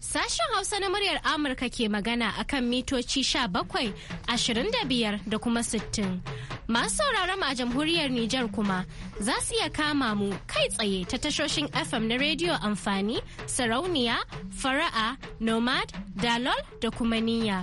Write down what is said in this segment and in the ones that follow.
Sashen Hausa na muryar Amurka ke magana a kan mitoci bakwai ashirin da biyar da kuma sittin Masu sauraron a jamhuriyar Nijar kuma za su iya kama mu kai tsaye ta tashoshin FM na rediyo amfani, sarauniya, fara'a, nomad, dalol da kuma niyya.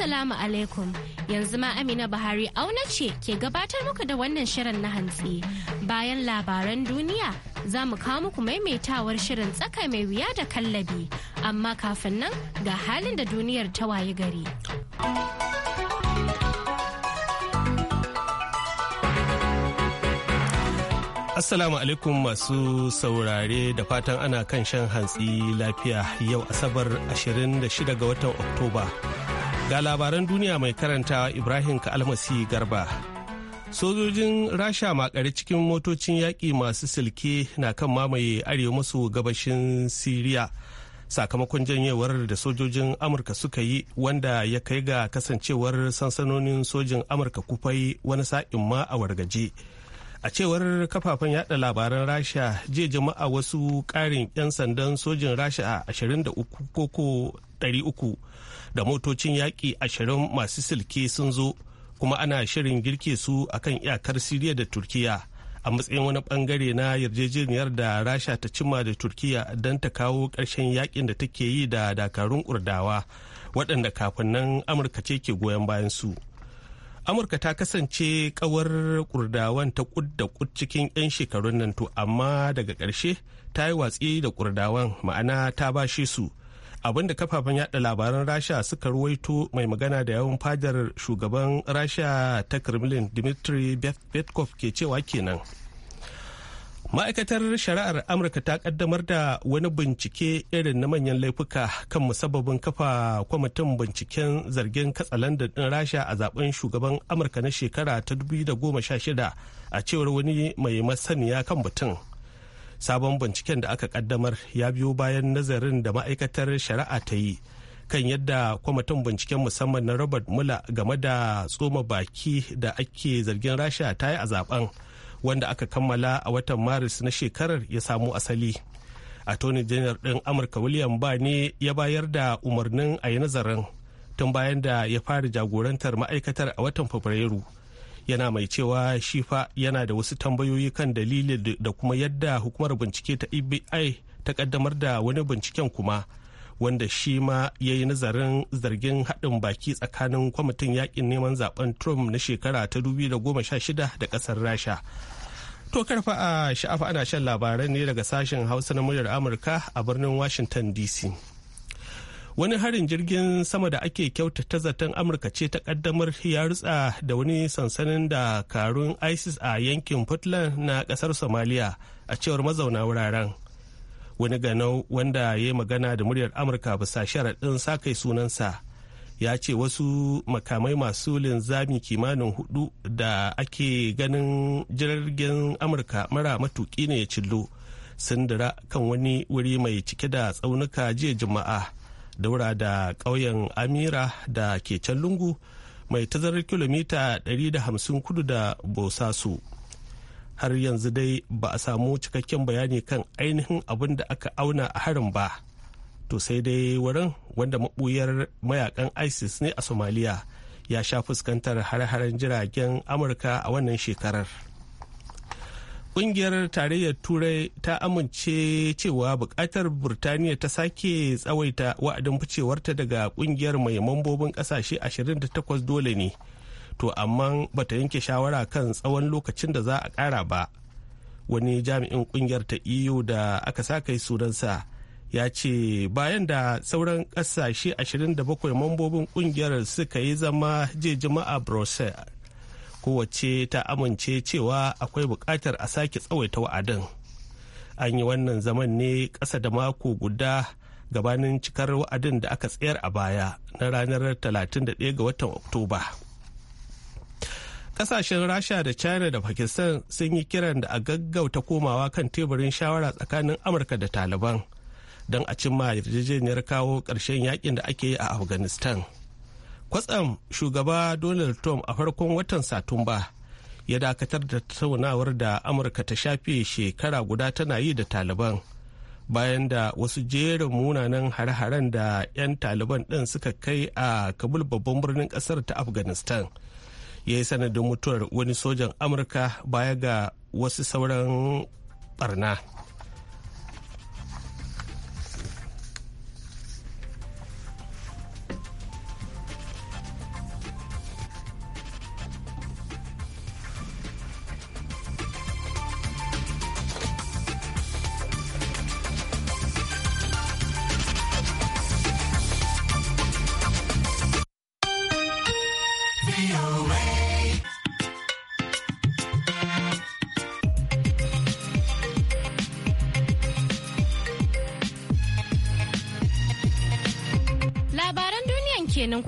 Assalamu alaikum yanzu ma Amina Buhari auna ce ke gabatar muku da wannan shirin na hantsi. Bayan labaran duniya za mu kawo muku maimaitawar shirin tsaka mai wuya da kallabi amma kafin nan ga halin da duniyar ta waye gari. Assalamu alaikum masu saurare da fatan ana kan shan hantsi lafiya yau Asabar 26 ga watan Oktoba. Ga labaran duniya mai karanta Ibrahim Kalmasi Garba. Sojojin Rasha makare cikin motocin yaƙi masu silke na kan mamaye arewa masu gabashin Siriya. Sakamakon janyewar da sojojin Amurka suka yi wanda ya kai ga kasancewar sansanonin sojin Amurka kufai wani sa'in ma a wargaje. a cewar kafafen yada labaran rasha jiya jama'a wasu ƙarin 'yan sandan sojin rasha a 23 ko 300 da motocin yaƙi ashirin masu silke sun zo kuma ana shirin girke su a kan iyakar siriya da turkiya a matsayin wani bangare na yarjejeniyar da rasha ta cimma da turkiya don ta kawo ƙarshen yaƙin da take yi da dakarun kurdawa waɗanda kafin nan amurka ce ke goyon bayan su amurka ta kasance kawar kurdawan ta kud da kud cikin 'yan shekarun nan to amma daga ƙarshe ta yi watsi da kurdawan ma'ana ta bashe su abinda kafafen yada labaran rasha suka ruwaito mai magana da yawan fadar shugaban rasha ta kremlin dmitry Petkov ke cewa kenan ma'aikatar shari'ar amurka ta kaddamar da wani bincike irin na manyan laifuka kan musabbabin kafa kwamitin binciken zargin katsalandan din rasha a zaben shugaban amurka na shekara ta 2016 a cewar wani mai masaniya kan batun. sabon binciken da aka kaddamar ya biyo bayan nazarin da ma'aikatar shari'a ta yi kan yadda kwamitin binciken musamman na robert mula game da tsoma baki da ake zargin rasha ta yi a zaben wanda aka kammala a watan maris na shekarar ya samo asali attorney general din amurka william ba ne ya bayar da umarnin a yi nazarin tun bayan da ya fara jagorantar ma'aikatar a watan fabrairu yana mai cewa shifa yana da wasu tambayoyi kan dalili da kuma yadda hukumar bincike ta ebi ta kaddamar da wani binciken kuma wanda shi ma ya yi nazarin zargin haɗin baki tsakanin kwamitin yakin neman zaben Trump na shekara ta 2016 da ƙasar Rasha. To karfa a sha'afa ana shan labarai ne daga sashen Hausa na muryar Amurka a birnin Washington DC. wani harin jirgin sama da ake kyautata zaton amurka ce ta kaddamar ya rutsa da wani sansanin da karun isis a yankin portland na kasar somalia a cewar mazauna wuraren wani ganau wanda ya yi magana da muryar amurka bisa sharaɗin sakai sunansa ya ce wasu makamai masu linzami kimanin hudu da ake ganin jirgin amurka mara matuki ne ya cillo sindira kan wani wuri mai cike da tsaunuka jiya juma'a daura da ƙauyen amira da ke can lungu mai tazarar kilomita 150 kudu da bosasu har yanzu dai ba a samu cikakken bayani kan ainihin abin da aka auna a harin ba to sai dai wurin wanda mabuyar mayakan isis ne a somaliya ya sha fuskantar har-haren jiragen amurka a wannan shekarar Ƙungiyar Tarayyar Turai ta amince cewa bukatar Burtaniya ta sake tsawaita wa'adin ficewarta daga ƙungiyar mai mambobin ƙasashe 28 dole ne, to amma bata yanke shawara kan tsawon lokacin da za a ƙara ba. Wani jami'in ƙungiyar ta EU da aka sa kai sunansa ya ce bayan da sauran ƙasashe 27 mambobin ƙungiyar suka yi zama je jima'a Brussels. kowace ta amince cewa akwai bukatar a sake tsawaita wa'adin an yi wannan zaman ne ƙasa da mako guda gabanin cikar wa'adin da aka tsayar a baya na ranar 31 ga watan oktoba kasashen rasha da china da pakistan sun yi kiran da a gaggauta komawa kan teburin shawara tsakanin amurka da taliban don a cimma yarjejeniyar kawo ƙarshen yakin da ake yi a afghanistan kwatsam shugaba donald trump a farkon watan satumba ya dakatar da tattaunawar da amurka ta shafe shekara guda tana yi da taliban bayan da wasu jerin munanan har-haren da 'yan taliban ɗin suka kai a kabul babban birnin ƙasar ta afghanistan ya yi sanadin mutuwar wani sojan amurka baya ga wasu sauran barna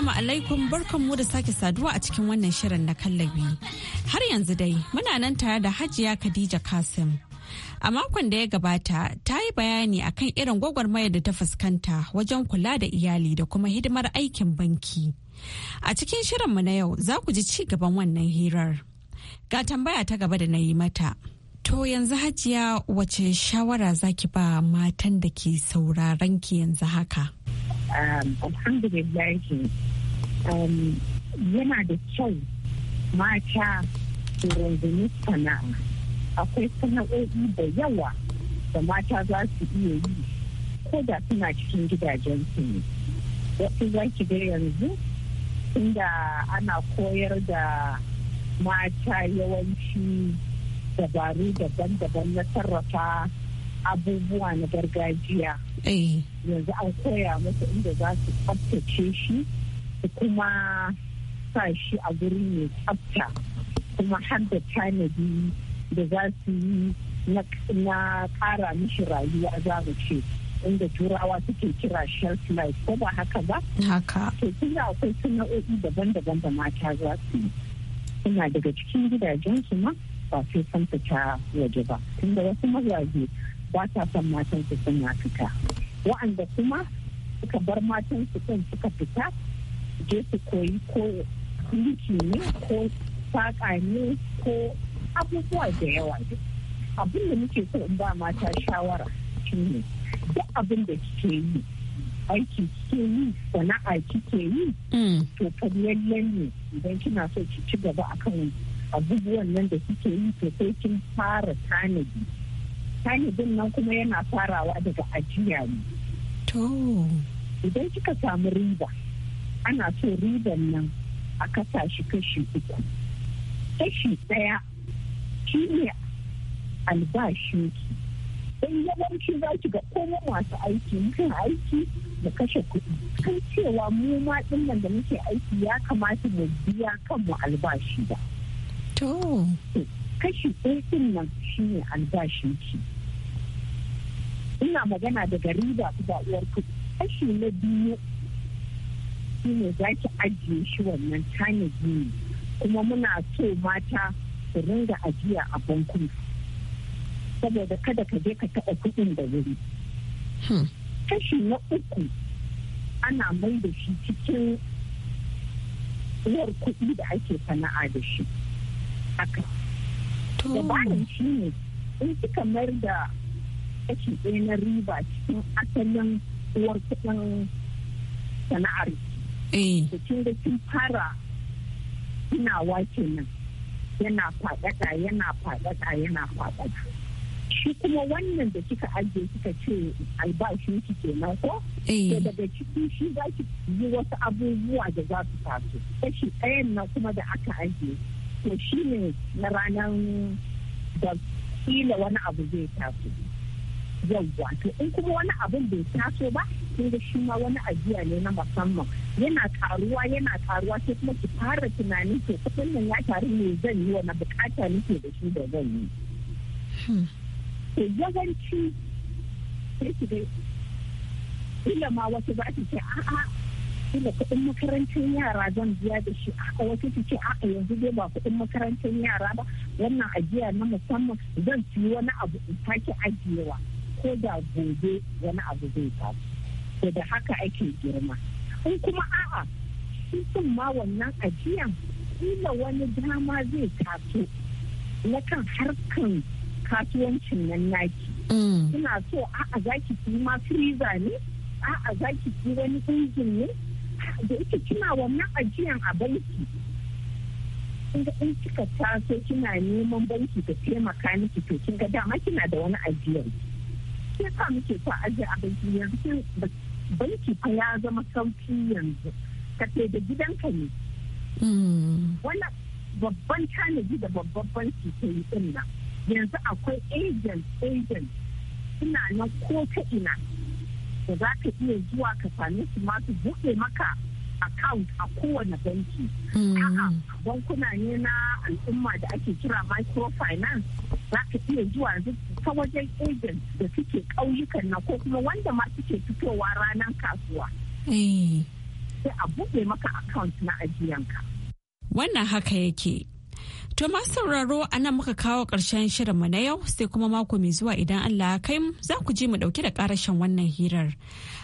Assalamu alaikum mu da sake saduwa a cikin wannan shirin na kallabi. Har yanzu dai muna nan tare da Hajiya Khadija Kasim. A makon da ya gabata ta yi bayani akan irin gwagwarmayar da ta fuskanta wajen kula da iyali da kuma hidimar aikin banki. A cikin shirinmu na yau za ku ji ci gaban wannan hirar. Ga tambaya ta gaba da na yi mata. To yanzu hajiya wace shawara zaki ba matan da ke sauraron ki yanzu haka? Um, um, yana da kyau mata su sana'a akwai sana'o'i da yawa da mata za su iya yi ko da suna cikin gidajensu ne wasu za ki ga yanzu inda ana koyar da mata yawanci dabaru daban-daban na sarrafa abubuwa na gargajiya Eh. yanzu an koya musu inda za su tsaftace shi su kuma sa shi a guri mai tsafta kuma har da tanadi da za su yi na kara mishi rayuwa za mu ce inda turawa suke kira shelf life ko ba haka ba? Haka. To tunda akwai sana'o'i daban-daban da mata za su yi. Suna daga cikin su ma ba sai san fita waje ba. Tunda wasu mazaje ba ta matan su ya fita wa'anda kuma suka bar matan su sun suka fita je su koyi ko liki ne ko saƙa ne ko abubuwa da yawa abin da muke so in ba mata shawara shine duk abin da kike yi aiki kike yi sana'a kike yi mm. to fadlallen ne idan kina so ki ci gaba akan abubuwan nan da kike yi to sai kin fara tanadi tanadin nan kuma yana farawa daga ajiya ne. To. Idan kika samu riba, ana so riban nan a kasa shi kashi uku. Kashi ɗaya shi ne albashin ki. Don yawanci za ki ga koma masu aiki, mutum aiki da kashe kuɗi. Kan cewa mu ma ɗin nan da muke aiki ya kamata mu biya kanmu albashi ba. To. kashi ɗin nan shi ne albashinki ina magana daga riba ku ba uwar kuɗi kashi na biyu shi ne za ki ajiye shi wannan tanadi ne kuma muna so mata su ringa ajiya a bankun saboda kada ka je ka taɓa kuɗin da wuri hmm. kashi na uku ana mai da shi cikin uwar kuɗi da ake sana'a da shi dabarin shi ne in kika mayar da kashi ɗaya na riba cikin asalin uwar kuɗin sana'ar da eh. kin da kin fara tunawa kenan yana faɗaɗa yana faɗaɗa yana faɗaɗa shi kuma wannan da kika ajiye kika ce albashin ki kenan ko da eh. daga ciki shi za ki yi wasu abubuwa da za su taso kashi ɗayan na kuma da aka ajiye to shi ne na ranar da kila wani abu zai taso yau wato in kuma wani abun bai taso ba sun ga shi ma wani ajiya ne na musamman yana karuwa yana karuwa sai kuma ki fara tunanin ke kusan nan ya taru ne zan yi wani bukata nake da shi da zan yi hmm. to yawanci sai ki ga kila ma wasu za su ce a'a kila kuɗin makarantar yara zan biya da shi a wata su ce a yanzu dai ba kuɗin makarantar yara ba wannan ajiya na musamman zan ci wani abu in sake ajiyewa ko da gobe wani abu zai to da haka ake girma in kuma a'a sun ma wannan ajiyan kila wani dama zai taso na kan harkan kasuwancin nan naki suna mm. so a'a zaki ki ma freezer ne a'a za ki wani injin ne da yake kina wannan ajiyan a banki kinga in kika taso kina neman banki ta taimaka miki to kinga dama kina da wani ajiyan. ke sa muke sa ajiya a banki yanzu banki fa ya zama sauki yanzu ka da gidanka ne hmm. wannan babban tanadi da babban banki ta yi din nan yanzu akwai agent agent suna na ko ta ina da za ka iya zuwa ka sami su ma su buɗe maka account a kowane banki. Mm. A'a bankuna ne na al'umma da ake kira microfinance za ka iya zuwa ta wajen agent da suke ƙauyukan na ko kuma wanda ma suke fitowa ranar kasuwa. Eh. Sai a buɗe maka account na ajiyanka. Wannan haka yake. To masu sauraro a nan muka kawo ƙarshen mu na yau sai kuma mako mai zuwa idan Allah ya kai za ku ji mu ɗauke da ƙarashen wannan hirar.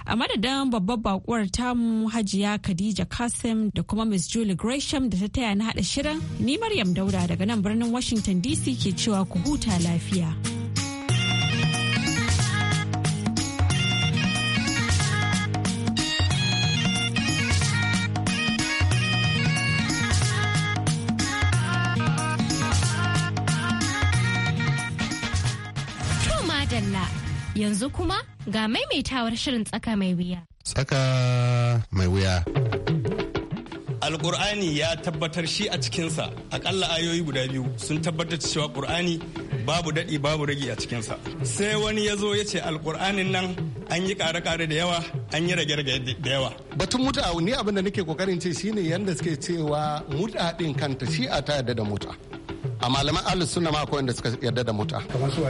A madadin babbar bakuwar tamu Hajiya Khadija Kasim da kuma Miss Julie Gresham da ta taya na haɗa shirin, ni Maryam Dauda daga nan birnin Washington DC ke cewa ku huta lafiya. yanzu kuma ga maimaitawar shirin tsaka mai wuya. Tsaka mai wuya. Alƙur'ani ya tabbatar shi a cikinsa akalla ayoyi guda biyu sun tabbatar cewa ƙur'ani babu daɗi babu ragi a cikinsa. Sai wani ya zo ya ce alƙur'anin nan an yi ƙare-ƙare da yawa an yi rage-rage da yawa. Batun muta ni abin da nake kokarin ce shine yadda suke cewa muta ɗin kanta shi a ta yadda da muta. A malaman Alisu sunna ma akwai suka yarda da muta. Kamar su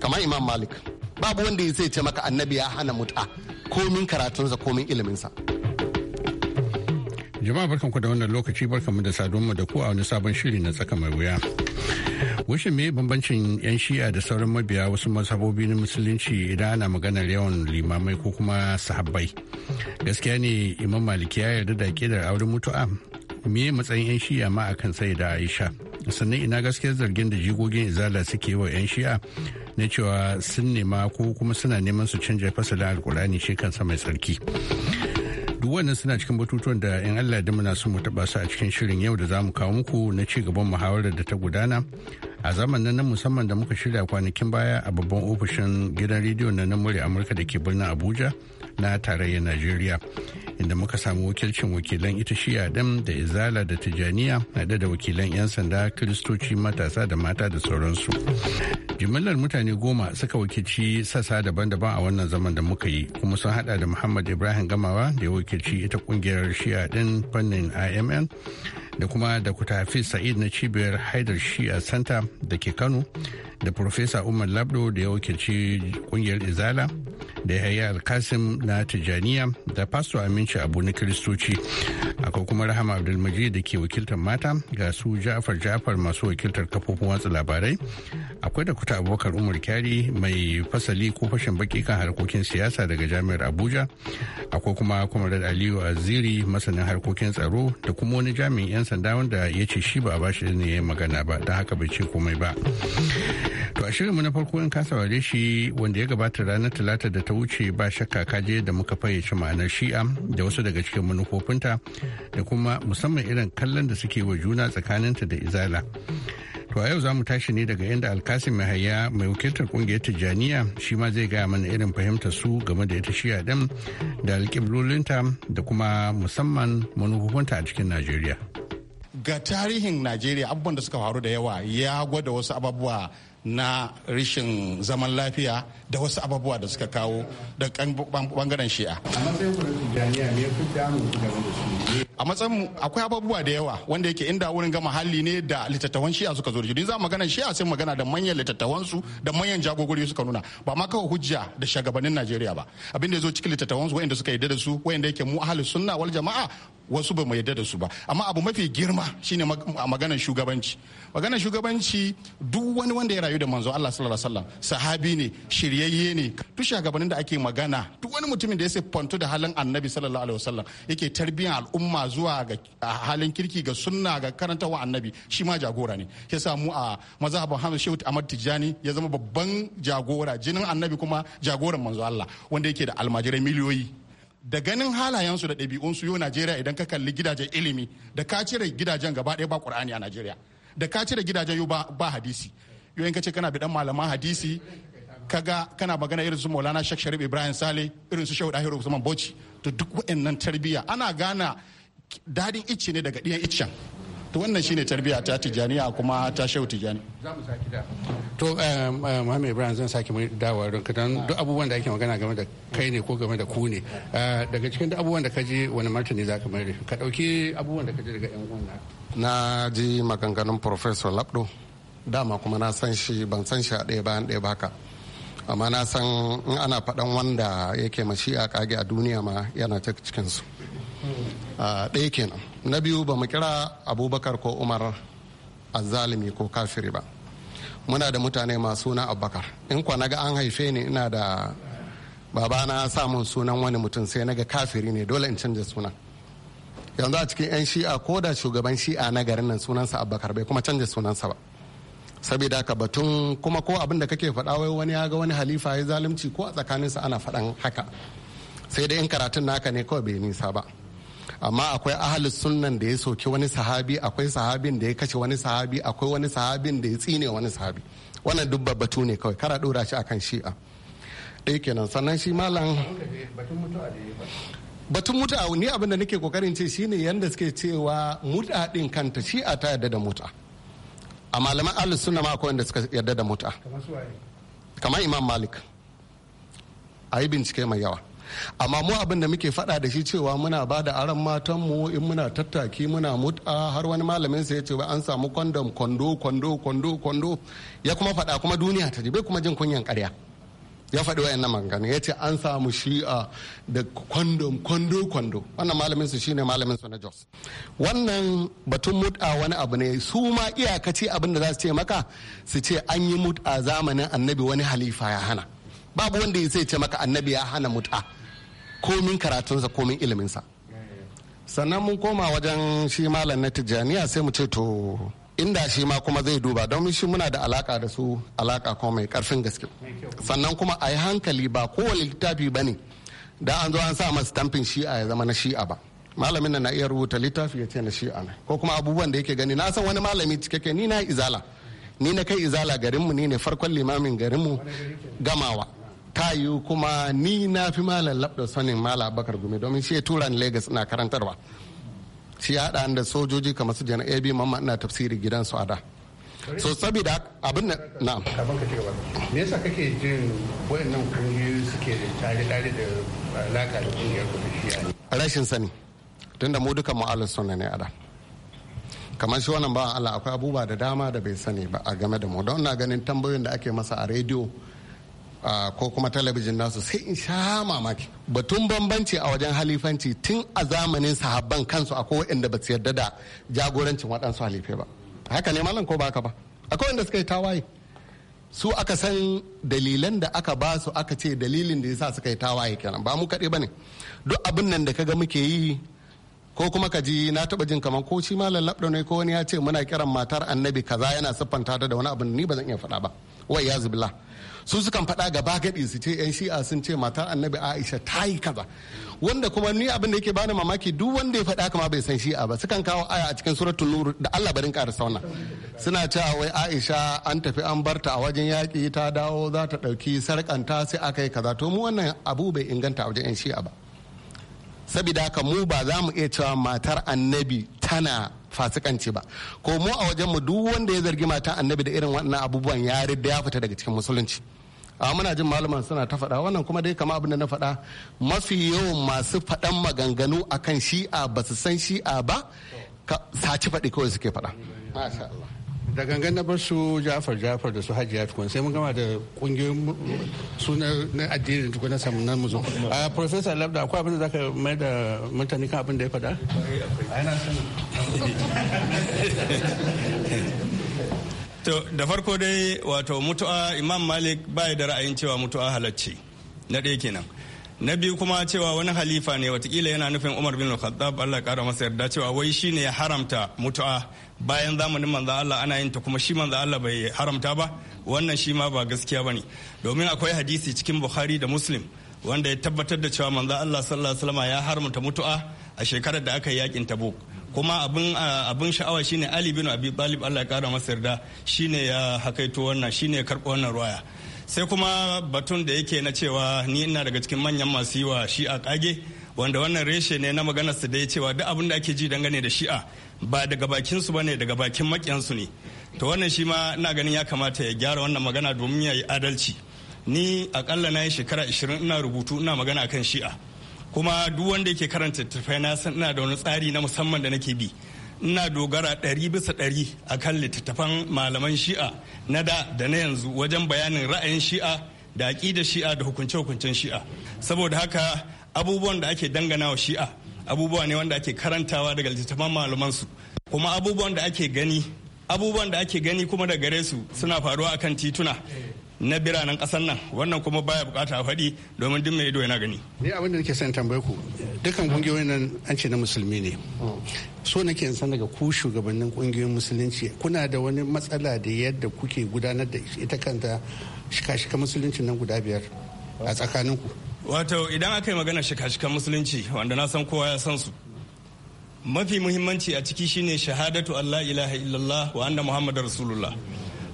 Kamar Imam Malik. babu wanda ya zai ce maka annabi ya hana muta komin karatunsa komin iliminsa jama'a barkanku da wannan lokaci mu da mu da ku a wani sabon shiri na tsaka mai wuya wushin me bambancin 'yan shi'a da sauran mabiya wasu mazhabobi na musulunci idan ana maganar yawan limamai ko kuma sahabbai. Gaskiya ne Imam Maliki ya yarda da kidar auren mutu'a. Me matsayin 'yan shi'a ma akan sai da Aisha. Sannan ina gaskiyar zargin da jigogin izala suke wa 'yan shi'a na cewa sun nema ko kuma suna neman su canja fasalin alkur'ani shi kansa mai tsarki duk wannan suna cikin batutuwan da in allah da muna su mu taba su a cikin shirin yau da za mu kawo muku na ci gaban muhawarar da ta gudana a zamanin na musamman da muka shirya kwanakin baya a babban ofishin gidan rediyo na na amurka da ke birnin abuja na tarayyar najeriya inda muka samu wakilcin wakilan ita shi adam da izala da tijaniya haɗe da wakilan 'yan sanda kiristoci matasa da mata da sauransu jimillar mutane goma suka wakilci sassa daban-daban a wannan zaman da muka yi kuma sun hada da muhammad ibrahim gamawa da ya wakilci ita kungiyar shi'a ɗin fannin imn da kuma da kutafi sa'id na cibiyar haidar shi'a santa da ke kano da profesa umar labdo da ya wakilci kungiyar izala da yahaya alkasim na tijaniya da pastor aminci abu na kiristoci akwai kuma rahama abdulmaji da ke wakiltar mata ga su jafar jafar masu wakiltar kafofin watsa labarai akwai da kuta abubakar umar kyari mai fasali ko fashin baki kan harkokin siyasa daga jami'ar abuja akwai kuma kwamarar aliyu aziri masanin harkokin tsaro da kuma wani jami'in 'yan sanda wanda ya ce shi ba a bashi ne magana ba don haka bai ce komai ba to a shirinmu na farko in ka saurare shi wanda ya gabata ranar talata da ta wuce ba shakka kaje da muka fayyace ma'anar shi'a da wasu daga cikin manufofinta da kuma musamman irin kallon da suke wa juna tsakaninta da izala to a yau za mu tashi ne daga inda alkasim haya mai wakiltar kungiyar tijjaniya shi ma zai gaya mana irin fahimtar su game da ita shi'a din da alƙiblolinta da kuma musamman manufofinta a cikin najeriya ga tarihin najeriya abubuwan da suka faru da yawa ya gwada wasu ababuwa. na rishin zaman lafiya da wasu abubuwa da suka kawo da bangaren shi'a. A matsayin mu akwai abubuwa da yawa wanda yake inda wurin gama hali ne da littattafan shi'a suka zo da shi. za magana shi'a sai magana da manyan littattafan su da manyan jagogori suka nuna ba ma kawai hujja da shagabannin Najeriya ba. Abin da ya zo cikin littattafan su wanda suka yarda da su wanda yake mu ahli sunna wal jama'a wasu ba mu yarda da su ba amma abu mafi girma shine maganar shugabanci maganar shugabanci duk wani wanda ya rayu da manzo Allah sallallahu alaihi wasallam sahabi ne shiryayye ne duk shugabannin da ake magana duk wani mutumin da ya siffantu da halin annabi sallallahu alaihi wasallam yake tarbiyyar al'umma zuwa ga halin kirki ga sunna ga wa annabi shi ma jagora ne ya samu a mazhabin Hamza Shehu Ahmad Tijani ya zama babban jagora jinin annabi kuma jagoran manzo Allah wanda yake da almajirai miliyoyi da ganin halayen su da ɗabi'unsu yau najeriya idan ka kalli gidajen ilimi da ka cire gidajen gaba ɗaya ba ƙur'ani a najeriya da ka cire gidajen yau ba hadisi yau in ka ce kana bidan malaman hadisi kaga kana magana irin su maulana Sheikh sharif ibrahim sale irin su shehu dahiru usman bauchi to duk waɗannan tarbiyya ana gana dadin icce ne daga ɗiyan iccen to wannan shine tarbiyya ta tijaniya kuma ta shau tijani to eh, eh, muhammed ibrahim zan sake mai dawa don duk abubuwan da ake magana game da kai ne ko game da ku ne eh, daga cikin duk abubuwan da ka je wani martani za ka mai ka dauki abubuwan da ka je daga yan uwan na ji maganganun professor labdo dama kuma na san shi ban san shi a ɗaya bayan ɗaya ba amma na san in ana faɗan wanda yake mashi a kage a duniya ma yana ta cikinsu hmm. ah, ɗaya kenan na biyu ba mu kira abubakar ko umar azalimi ko kafiri ba muna da mutane masu suna abubakar in kwa naga an haife ni ina da babana samun sunan wani mutum sai naga kafiri ne dole in canza sunan yanzu a cikin 'yan shi'a ko da shugaban shi'a na garin nan sunansa abubakar bai kuma canza sunansa ba saboda haka batun kuma ko abin da kake faɗa wai wani ya ga wani halifa ya zalunci ko a tsakaninsa ana faɗan haka sai dai in karatun naka ne kawai bai nisa ba amma akwai ahalin sunnan da ya soki wani sahabi akwai sahabin da ya kashe wani sahabi akwai wani sahabin da ya tsine wani sahabi wannan duk babbatu ne kawai kara dora shi akan shi'a ɗaya kenan sannan shi malam batun muta ni abin da nake kokarin ce shine yadda suke cewa muta din kanta shi'a ta yadda da muta a malaman ahlus sunna ma akwai wanda suka yadda da muta kamar imam malik a yi bincike mai yawa amma mu abin da muke faɗa da shi cewa muna ba da aran matanmu in muna tattaki muna mut'a har wani malamin sa ya ce an samu kwandom kwando kwando kwando kwando ya kuma faɗa kuma duniya ta ji bai kuma jin kunyan ƙarya ya faɗi yana maganganu ya ce an samu shi a da kwandon kwando kwando wannan malamin su shine malamin su na jos wannan batun mut'a wani abu ne su ma iyakaci abin da za su ce maka su ce an yi mut'a zamanin annabi wani halifa ya hana babu wanda ya ce maka annabi ya hana mut'a komin karatunsa komin iliminsa sannan mun koma wajen shi malam na tijjaniya sai mu ce to inda shi ma kuma zai duba don shi muna da alaka da su alaka kuma mai karfin gaske sannan kuma a yi hankali ba kowane littafi ba ne da an zo an sa masa tamfin shi'a ya zama na shi'a ba malamin na na iya rubuta littafi ya ce na shi'a ne ko kuma abubuwan da yake gani na san wani malami cikakke ni na izala ni na kai izala garinmu ni ne farkon limamin garinmu gamawa ta yiwu kuma ni na fi malam labda sanin malam bakar gumi domin shi ya tura ni Legas ina karantarwa shi ya haɗa da sojoji kamar su jana ab mamma ina tafsiri gidan a da so saboda abin na na me yasa kake jin wayannan kungiyoyi suke da tare tare da alaka da kungiyar kudi rashin sani tunda mu duka mu'alin sunna ne a da kamar shi wannan ba Allah akwai abubuwa da dama da bai sani ba a game da mu don na ganin tambayoyin da ake masa a rediyo ko kuma talabijin nasu sai in sha mamaki batun bambanci a wajen halifanci tun a zamanin sahabban kansu akwai inda ba su yarda da jagorancin waɗansu halife ba haka ne malam ko ba haka ba akwai inda suka yi tawaye su aka san dalilan da aka ba su aka ce dalilin da yasa suka yi tawaye kenan ba mu kaɗe ba ne. duk abin nan da ka ga muke yi ko kuma ka ji na taɓa jin kamar ko shi malam labda ne ko wani ya ce muna kiran matar annabi kaza yana siffanta ta da wani abin ni ba zan iya faɗa ba Wai ya zubila su sukan faɗa gaba gaɗi su ce yan shi'a sun ce mata annabi aisha ta yi kaza wanda kuma ni abin da yake bani mamaki duk wanda ya faɗa kama bai san shi'a ba sukan kawo aya a cikin suratul nur da Allah barin ƙara sauna suna cewa wai aisha an tafi an barta a wajen yaƙi ta dawo za ta ɗauki sarƙanta sai aka yi kaza to mu wannan abu bai inganta a wajen yan shi'a ba saboda haka mu ba za mu iya cewa matar annabi tana fasikanci ba ko mu a wajen mu duk wanda ya zargi matan annabi da irin waɗannan abubuwan ya da ya fita daga cikin musulunci a muna jin malaman suna ta faɗa wannan kuma dai kama abin da na faɗa mafi yawan masu faɗan maganganu akan shi'a ba su san shi'a ba saci faɗi kawai suke faɗa masha da gangan na bar su jafar jafar da su hajiya tukun sai mun gama da kungiyoyin sunan na addinin tukun na samun nan muzo a professor labda akwai abin da zaka mai da mutane kan abin da ya faɗa to da farko dai wato mutu'a imam malik bai da ra'ayin cewa mutu'a halacci na ɗaya kenan na biyu kuma cewa wani halifa ne watakila yana nufin umar bin khattab allah kara masa yarda cewa wai shi ne ya haramta mutu'a bayan zamanin manza allah ana yin ta kuma shi manza allah bai haramta ba wannan shi ma ba gaskiya ba ne domin akwai hadisi cikin bukhari da muslim wanda ya tabbatar da cewa manza allah sallallahu alaihi ya haramta mutu'a a shekarar da aka yi yakin tabuk kuma abin abin sha'awa shine ali bin abi talib allah ya kara masa yarda shine ya hakaito wannan shine ya karbo wannan ruwaya sai kuma batun da yake na cewa ni ina daga cikin manyan masu yi wa shi'a kage wanda wannan reshe ne na maganar su da ya cewa duk abin da ake ji dangane da shi'a ba daga bakin su bane daga bakin su ne to wannan shi ma ina ganin ya kamata ya gyara wannan magana domin ya yi adalci ni akalla na yi shekara 20 ina rubutu ina magana akan shi'a kuma duk wanda yake karanta tafai na san ina da wani tsari na musamman da nake bi ina dogara ɗari bisa ɗari a kan littattafan malaman shi'a na da da na yanzu wajen bayanin ra'ayin shi'a da aƙidar shi'a da hukunce-hukuncen shi'a saboda haka abubuwan da ake dangana wa shi'a abubuwa ne wanda ake karantawa daga littattafan malamansu kuma abubuwan da ake gani abubuwan da ake gani kuma da gare su suna faruwa akan tituna na biranen kasar nan wannan kuma baya bukata a faɗi domin duk mai ido yana gani ni abin da nake son tambaye ku dukkan kungiyoyin nan an ce na musulmi ne so nake in san daga ku shugabannin kungiyoyin musulunci kuna da wani matsala da yadda kuke gudanar da ita kanta shika-shika musulunci nan guda biyar a tsakaninku wato idan aka yi magana shika-shikan musulunci wanda na san kowa ya san su mafi muhimmanci a ciki shine shahadatu allah ilaha illallah wa anna muhammadar rasulullah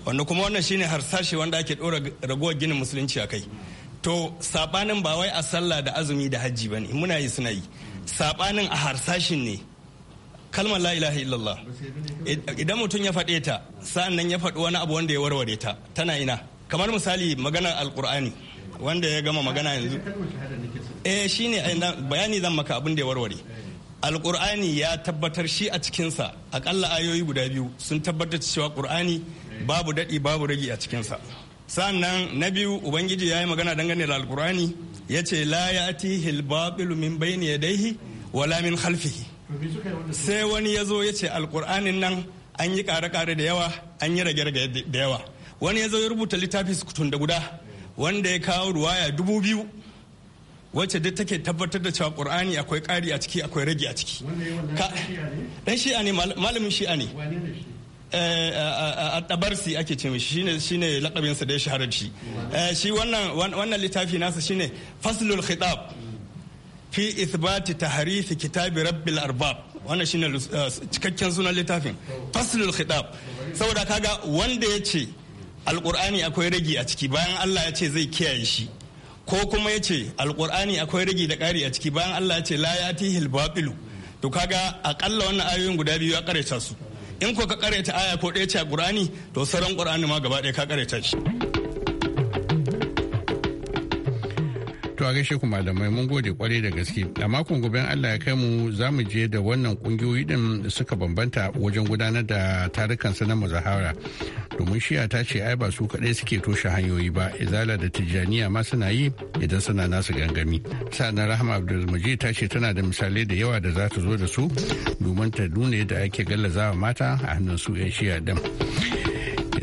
wanda kuma wannan shine harsashi wanda ake dora ragowar ginin musulunci a kai to sabanin ba wai a sallah da azumi da hajji bane muna yi suna yi sabanin a harsashin ne kalmar la ilaha illallah idan mutum ya faɗe ta sa'an nan ya faɗi wani abu wanda ya warware ta tana ina kamar misali maganar alkur'ani wanda ya gama magana yanzu eh shine eh, bayani zan maka abin da ya warware alkur'ani ya tabbatar shi a cikinsa akalla ayoyi guda biyu sun tabbatar cewa qur'ani babu daɗi babu ragi a cikinsa sannan na biyu ubangiji ya yi magana dangane da alkur'ani ya ce la ya ati hilbabilu min bayni yadaihi wala min khalfihi sai wani ya zo ya ce alkur'anin nan an yi kare-kare da yawa an yi rage-rage da yawa wani ya zo ya rubuta littafi sukutun da guda wanda ya kawo ruwaya dubu biyu wacce duk take tabbatar da cewa qur'ani akwai ƙari a ciki akwai rage a ciki dan shi'a ne malamin shi'a ne Eh, eh, eh, a ɗabarsi ake ce mishi shine shine da ya shahara shi shi wannan wannan littafi nasa shine faslul khitab fi ithbati tahrifi kitabi rabbil arbab wannan shine cikakken sunan littafin faslul khitab saboda kaga wanda ya ce alkur'ani akwai ragi a ciki bayan Allah ya ce zai kiyaye shi ko kuma ya ce al'ƙur'ani akwai ragi da ƙari a ciki bayan Allah ya ce la yatihil babilu to kaga akalla wannan ayoyin guda biyu ya karanta su in ko ka karyata aya ko ɗaya ce a ƙur'ani to sauran ƙurani ma gaba ɗaya ka karyata shi To a gaishe ku malamai mun gode kwarai da gaske. A makon gobe Allah ya kai mu za mu je da wannan kungiyoyi din suka bambanta wajen gudanar da tarukan na muzahara. Domin shiya ta ce ai ba su kadai suke toshe hanyoyi ba. Izala da Tijjaniya ma suna yi idan suna nasu gangami. Sa'an rahma Abdulmajid ta ce tana da misalai da yawa da za ta zo da su domin ta nuna yadda ake gallazawa mata a hannun su 'yan shiya din.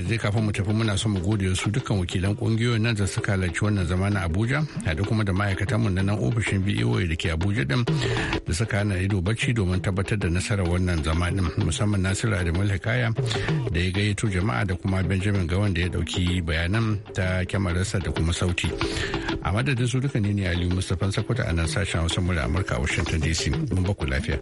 zai kafin mu tafi muna son mu gode su dukkan wakilan kungiyoyin nan da suka halarci wannan zama na abuja hada kuma da ma'aikatan mu na nan ofishin boa e da ke abuja din da suka hana ido bacci domin tabbatar da nasarar wannan zama din musamman nasiru adamul hikaya da ya gayyato jama'a da kuma benjamin gawan da ya dauki bayanan ta kyamararsa da kuma sauti a madadin su duka ne ne aliyu mustapha sakwata a nan sashen hausa mura amurka a washington dc mun baku lafiya.